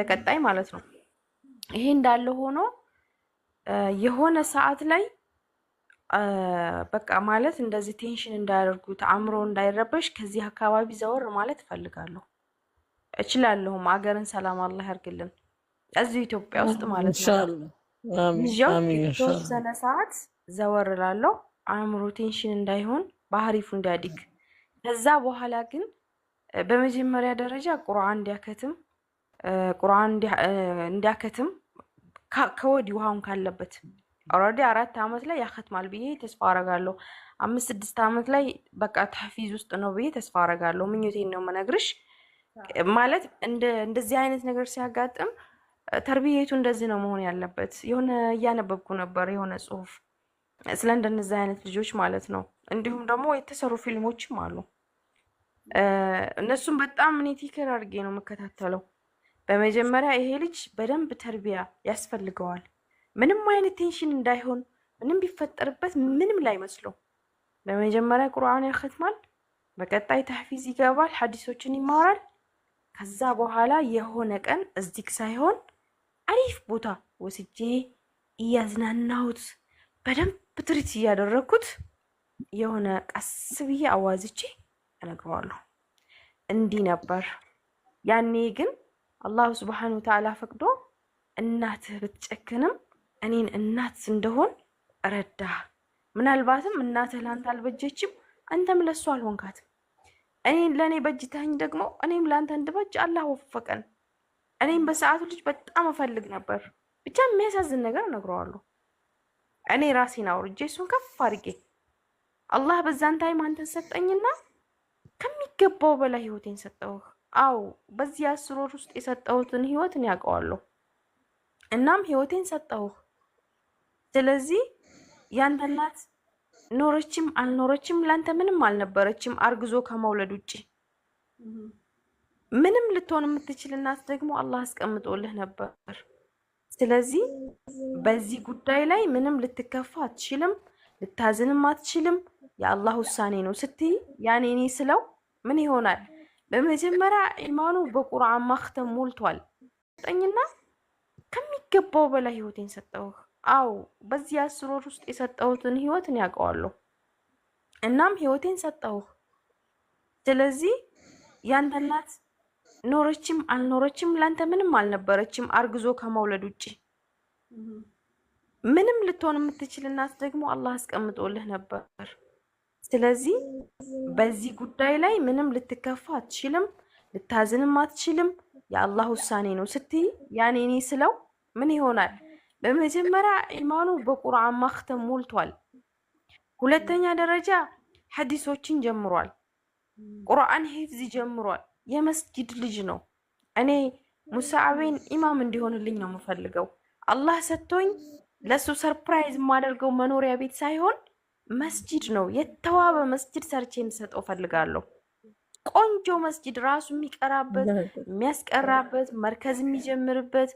በቀጣይ ማለት ነው። ይሄ እንዳለ ሆኖ የሆነ ሰዓት ላይ በቃ ማለት እንደዚህ ቴንሽን እንዳያደርጉት አእምሮ እንዳይረበሽ ከዚህ አካባቢ ዘወር ማለት እፈልጋለሁ። እችላለሁም። አገርን ሰላም አላህ ያርግልን እዚሁ ኢትዮጵያ ውስጥ ማለት ነው። የተወሰነ ሰዓት ዘወር እላለሁ። አእምሮ ቴንሽን እንዳይሆን ባህሪፉ እንዲያድግ ከዛ በኋላ ግን በመጀመሪያ ደረጃ ቁርአን እንዲያከትም ቁርአን እንዲያከትም ከወዲሁ አሁን ካለበት ኦልሬዲ አራት ዓመት ላይ ያከትማል ብዬ ተስፋ አረጋለሁ። አምስት ስድስት ዓመት ላይ በቃ ተፊዝ ውስጥ ነው ብዬ ተስፋ አረጋለሁ። ምኞቴን ነው መነግርሽ። ማለት እንደዚህ አይነት ነገር ሲያጋጥም ተርቢየቱ እንደዚህ ነው መሆን ያለበት። የሆነ እያነበብኩ ነበር የሆነ ጽሁፍ ስለ እንደነዚህ አይነት ልጆች ማለት ነው። እንዲሁም ደግሞ የተሰሩ ፊልሞችም አሉ። እነሱም በጣም እኔ ቲከር አድርጌ ነው የምከታተለው። በመጀመሪያ ይሄ ልጅ በደንብ ተርቢያ ያስፈልገዋል። ምንም አይነት ቴንሽን እንዳይሆን፣ ምንም ቢፈጠርበት ምንም ላይ መስሎ በመጀመሪያ ቁርአን ያከትማል። በቀጣይ ተህፊዝ ይገባል፣ ሐዲሶችን ይማራል። ከዛ በኋላ የሆነ ቀን እዚክ ሳይሆን አሪፍ ቦታ ወስጄ እያዝናናሁት በደንብ ትሪት እያደረግኩት የሆነ ቀስ ብዬ አዋዝቼ እነግረዋለሁ። እንዲህ ነበር ያኔ ግን አላሁ ስብሓን ወተዓላ ፈቅዶ እናትህ ብትጨክንም እኔን እናት እንደሆን ረዳ ምናልባትም እናትህ ላንተ አልበጀችም፣ አንተም ለሱ አልሆንካትም። እኔን ለእኔ በጅታኝ ደግሞ እኔም ለአንተ እንድበጅ አላህ ወፈቀን። እኔም በሰዓቱ ልጅ በጣም እፈልግ ነበር። ብቻ የሚያሳዝን ነገር እነግረዋለሁ። እኔ ራሴን አውርጄ እሱን ከፍ አድርጌ አላህ በዛን ታይም አንተን ሰጠኝና ከሚገባው በላይ ህይወቴን ሰጠውህ። አዎ በዚህ አስር ወር ውስጥ የሰጠሁትን ህይወትን ያውቀዋለሁ። እናም ህይወቴን ሰጠሁህ። ስለዚህ ያንተ እናት ኖረችም አልኖረችም ላንተ ምንም አልነበረችም፣ አርግዞ ከመውለድ ውጭ ምንም ልትሆን የምትችል እናት ደግሞ አላህ አስቀምጦልህ ነበር። ስለዚህ በዚህ ጉዳይ ላይ ምንም ልትከፋ አትችልም፣ ልታዝንም አትችልም። የአላህ ውሳኔ ነው ስትይ ያኔ እኔ ስለው ምን ይሆናል በመጀመሪያ ኢማኑ በቁርአን ማክተም ሞልቷል። ጠኝና ከሚገባው በላይ ህይወቴን ሰጠው አው በዚህ አስር ወር ውስጥ የሰጠሁትን ህይወትን ያውቀዋለሁ። እናም ህይወቴን ሰጠውህ ስለዚህ ያንተ እናት ኖረችም አልኖረችም ላንተ ምንም አልነበረችም፣ አርግዞ ከመውለድ ውጭ ምንም ልትሆን የምትችል እናት ደግሞ አላህ አስቀምጦልህ ነበር። ስለዚህ በዚህ ጉዳይ ላይ ምንም ልትከፋ አትችልም፣ ልታዝንም አትችልም። የአላህ ውሳኔ ነው ስትይ ያኔ እኔ ስለው ምን ይሆናል? በመጀመሪያ ኢማኑ በቁርአን ማክተም ሞልቷል። ሁለተኛ ደረጃ ሐዲሶችን ጀምሯል። ቁርአን ሂፍዝ ጀምሯል። የመስጊድ ልጅ ነው። እኔ ሙሳዕቤን ኢማም እንዲሆንልኝ ነው የምፈልገው። አላህ ሰጥቶኝ ለሱ ሰርፕራይዝ የማደርገው መኖሪያ ቤት ሳይሆን መስጂድ ነው የተዋበ መስጂድ ሰርቼ እንሰጠው ፈልጋለሁ። ቆንጆ መስጂድ ራሱ የሚቀራበት የሚያስቀራበት መርከዝ የሚጀምርበት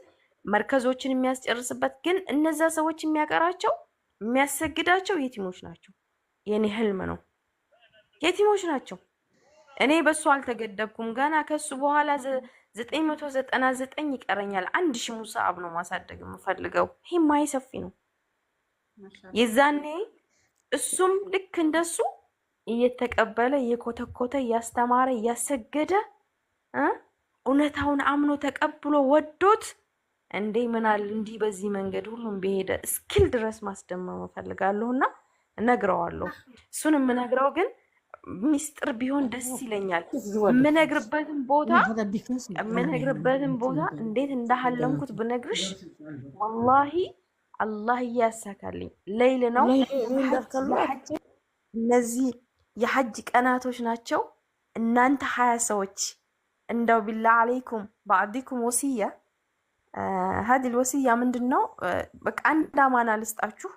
መርከዞችን የሚያስጨርስበት ግን እነዛ ሰዎች የሚያቀራቸው የሚያሰግዳቸው የቲሞች ናቸው። የኔ ህልም ነው። የቲሞች ናቸው። እኔ በሱ አልተገደብኩም። ገና ከሱ በኋላ ዘጠኝ መቶ ዘጠና ዘጠኝ ይቀረኛል። አንድ ሺህ ሙሳአብ ነው ማሳደግ የምፈልገው። ይሄ ማይ ሰፊ ነው። የዛኔ እሱም ልክ እንደሱ እየተቀበለ እየኮተኮተ እያስተማረ እያሰገደ እውነታውን አምኖ ተቀብሎ ወዶት እንዴ ምናል እንዲህ በዚህ መንገድ ሁሉም ቢሄደ እስኪል ድረስ ማስደመም እና እነግረዋለሁ። እሱን የምነግረው ግን ሚስጥር ቢሆን ደስ ይለኛል። የምነግርበትን ቦታ የምነግርበትን ቦታ እንዴት እንዳሀለምኩት ብነግርሽ ወላሂ አላህ እያሳካልኝ ለይል ነው። እነዚህ የሐጅ ቀናቶች ናቸው። እናንተ ሀያ ሰዎች እንደው ቢላ አለይኩም በአዲኩም ወሲያ ሀዲል ወሲያ ምንድን ነው? በቃ አንድ አማና ልስጣችሁ፣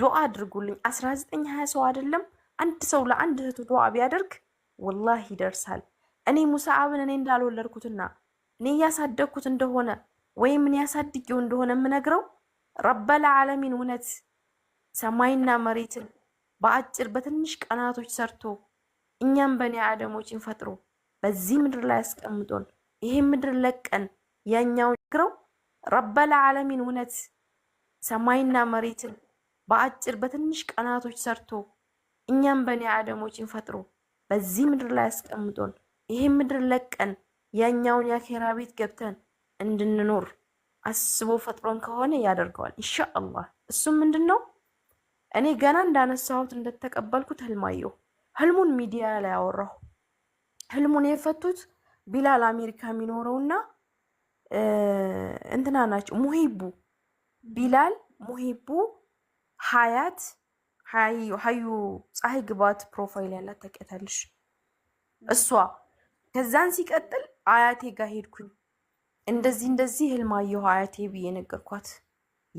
ዱዓ አድርጉልኝ። አስራ ዘጠኝ ሀያ ሰው አይደለም አንድ ሰው ለአንድ እህቱ ዱዓ ቢያደርግ ወላህ ይደርሳል። እኔ ሙስዓብን እኔ እንዳልወለድኩትና እኔ እያሳደግኩት እንደሆነ ወይም እኔ ያሳድጌው እንደሆነ የምነግረው ረበል ዓለሚን እውነት ሰማይና መሬትን በአጭር በትንሽ ቀናቶች ሰርቶ እኛም በኔ አደሞችን ፈጥሮ በዚህ ምድር ላይ አስቀምጦን ይሄ ምድር ለቀን ያኛውን ክረው ረበል ዓለሚን እውነት ሰማይና መሬትን በአጭር በትንሽ ቀናቶች ሰርቶ እኛም በኔ አደሞችን ፈጥሮ በዚህ ምድር ላይ አስቀምጦን ይሄ ምድር ለቀን ያኛውን የአኼራ ቤት ገብተን እንድንኖር አስቦ ፈጥሮን ከሆነ ያደርገዋል ኢንሻአላህ። እሱም ምንድን ነው እኔ ገና እንዳነሳሁት እንደተቀበልኩት ህልማየሁ ህልሙን ሚዲያ ላይ አወራሁ ህልሙን የፈቱት ቢላል አሜሪካ የሚኖረውና እንትና ናቸው ሙሂቡ ቢላል ሙሂቡ ሀያት ሀዩ ፀሐይ ግባት ፕሮፋይል ያላት ታውቂያታለሽ? እሷ ከዛን ሲቀጥል አያቴ ጋር ሄድኩኝ እንደዚህ እንደዚህ ህልማየሁ አየሁ አያቴ ብዬ ነገርኳት።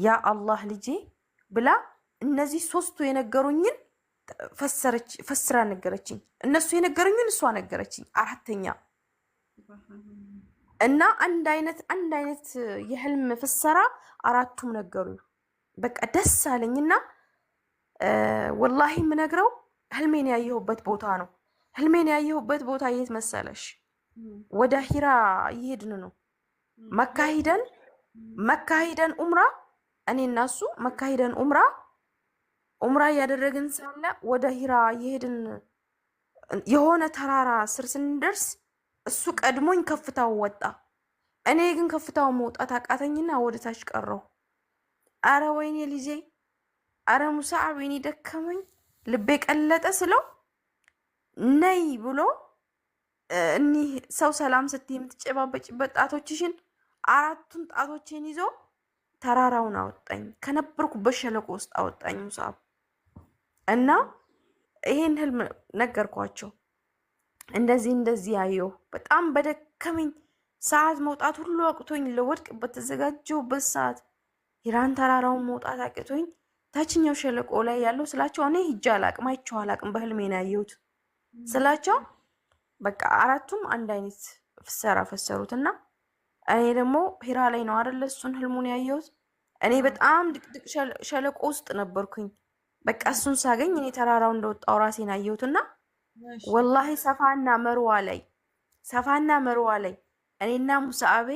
ያ አላህ ልጄ ብላ እነዚህ ሶስቱ የነገሩኝን ፈስራ ነገረችኝ። እነሱ የነገሩኝን እሷ ነገረችኝ። አራተኛ እና አንድ አይነት አንድ አይነት የህልም ፍሰራ አራቱም ነገሩ በቃ ደስ አለኝና ወላሂ የምነግረው ህልሜን ያየሁበት ቦታ ነው። ህልሜን ያየሁበት ቦታ የት መሰለሽ? ወደ ሂራ እየሄድን ነው መካሂደን መካሂደን ኡምራ እኔ እና እሱ መካሂደን ኡምራ ኡምራ እያደረግን ሳለ ወደ ሂራ እየሄድን የሆነ ተራራ ስር ስንደርስ እሱ ቀድሞኝ ከፍታው ወጣ። እኔ ግን ከፍታው መውጣት አቃተኝና ወደ ታች ቀረሁ። አረ ወይኔ ልጄ፣ አረ ሙሳ ወይኔ ደከመኝ፣ ልቤ ቀለጠ ስለው ነይ ብሎ እኒህ ሰው ሰላም ስትይ የምትጨባበጭበት ጣቶችሽን አራቱን ጣቶቼን ይዞ ተራራውን አወጣኝ፣ ከነበርኩበት ሸለቆ ውስጥ አወጣኝ ሙሳብ እና ይሄን ህልም ነገርኳቸው። እንደዚህ እንደዚህ ያየሁ በጣም በደከመኝ ሰዓት መውጣት ሁሉ አቅቶኝ ለወድቅ በተዘጋጀሁበት ሰዓት ኢራን ተራራውን መውጣት አቅቶኝ ታችኛው ሸለቆ ላይ ያለው ስላቸው እኔ ሂጅ አላቅም አይቼው አላቅም በህልሜ ነው ያየሁት ስላቸው፣ በቃ አራቱም አንድ አይነት ፍሰራ ፈሰሩት እና እኔ ደግሞ ሄራ ላይ ነው አይደለ እሱን ህልሙን ያየሁት። እኔ በጣም ድቅድቅ ሸለቆ ውስጥ ነበርኩኝ። በቃ እሱን ሳገኝ እኔ ተራራው እንደወጣው ራሴን አየሁትና ወላሂ ሰፋና መርዋ ላይ ሰፋና መርዋ ላይ እኔና ሙሳአቤ